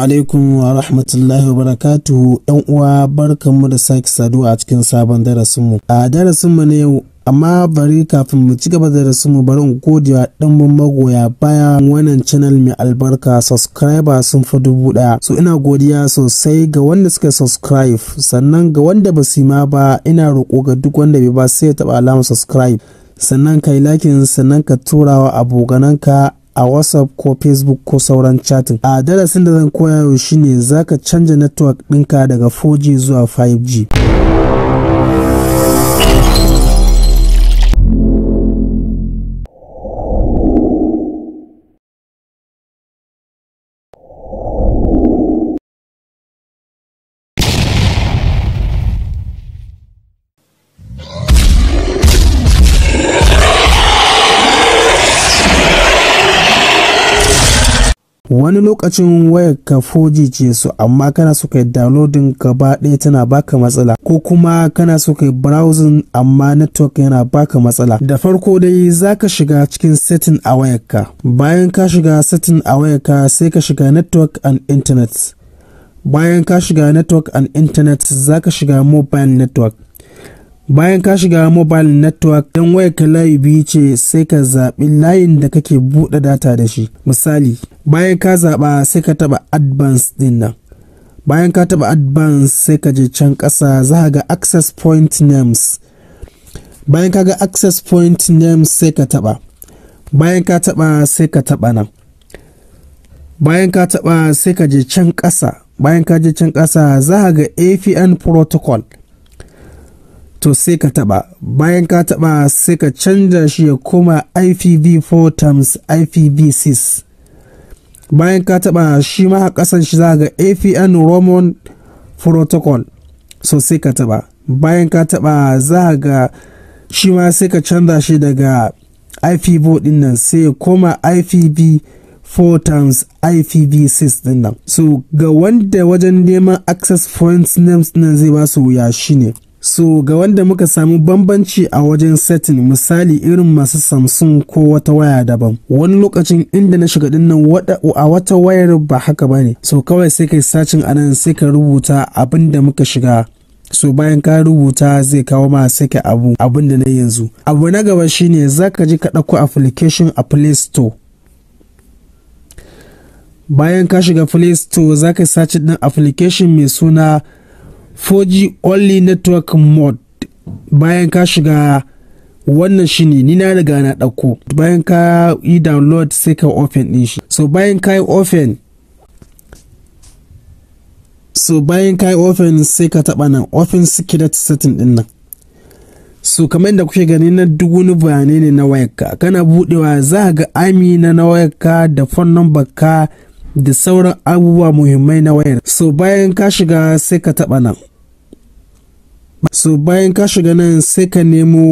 alaikum wa rahmatullahi wa barakatuhu yan uwa barkanmu da sake saduwa a cikin sabon darasinmu a darasinmu na yau amma bari kafin mu ci gaba da rasu mu bari in godewa ɗimbin magoya baya wannan channel mai albarka subscriber sun fi dubu daya. so ina godiya sosai ga wanda suka subscribe sannan ga wanda ba su ma ba ina roƙo ga duk wanda bai ba sai ya taba alama subscribe sannan kai lakin sannan ka turawa abokananka a whatsapp ko facebook ko sauran chatting a darasin da zan koya yau shine zaka canja network ɗinka daga 4g zuwa 5g wani lokacin wayar ka fojice su ce amma kana so kai downloading gaba ɗaya tana baka matsala ko kuma kana so kai browsing amma network yana baka matsala da farko dai zaka shiga cikin setting a wayarka bayan ka shiga setting a wayarka sai ka shiga network and internet bayan ka shiga network and internet zaka shiga mobile network bayan ka shiga mobile network don ka layi biyu ce sai ka zaɓi layin da kake buɗe data da shi misali bayan ka zaɓa sai ka taɓa advance ɗin nan bayan ka taɓa advance sai ka je can ƙasa za ga access point names bayan ka ga access point names sai ka taɓa bayan ka taɓa sai ka taɓa nan bayan ka taɓa sai ka je can ƙasa bayan ka je can ƙasa za ga apn protocol to sai ka taɓa bayan ka taɓa sai ka canza shi ya koma ipv4 times ipv6 bayan ka taɓa shi ma a kasan shi za ga apn roman protocol so sai ka taɓa bayan ka taɓa za ga shi ma sai ka canza shi daga ipv 4 nan sai ya koma ipv 4 times IPv6 din nan. So ga wanda wajen neman access points names nan zai ba su wuya shine so ga wanda muka samu bambanci a wajen setting misali irin masu samsung ko wata waya daban wani lokacin inda na shiga dinnan a wata wayar ba haka bane so kawai sai kai sacin anan sai ka rubuta abin da muka shiga so bayan ka rubuta zai kawo ma sake abu abin da na yanzu abu na gaba shine zaka ji ka ɗauko application a play store bayan ka shiga play store zaka sace din application mai suna 4G only network mode bayan ka shiga wannan shi ne ni na riga na ɗauko bayan ka yi download sai ka open ɗin shi so bayan ka yi open so bayan ka yi open sai ka taɓa nan open security setting ɗin nan so kamar yadda kuke gani na duk wani bayanai ne na wayarka kana budewa za ga amina na wayarka da phone number ka da sauran abubuwa muhimmai na wayar so bayan ka shiga sai ka taɓa nan so bayan ka shiga nan sai ka nemo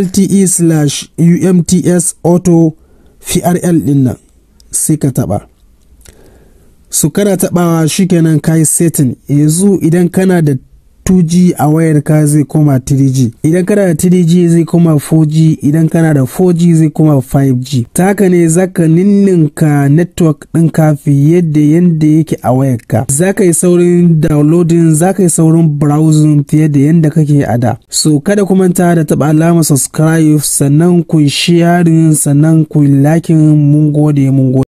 lte slash umts auto vrl din nan sai ka taɓa su so, kana tabawa shikenan kai setin setting yanzu idan kana da 2G a wayarka zai koma 3G idan kana da 3G zai koma 4G idan kana da 4G zai koma 5G ta haka ne zaka ninninka network ɗinka fiye da yadda yake a wayarka zaka yi saurin downloading zaka yi saurin browsing fiye da yadda kake a da so kada ku manta da taba alamar subscribe sannan ku sharing sannan ku liking mun gode mun gode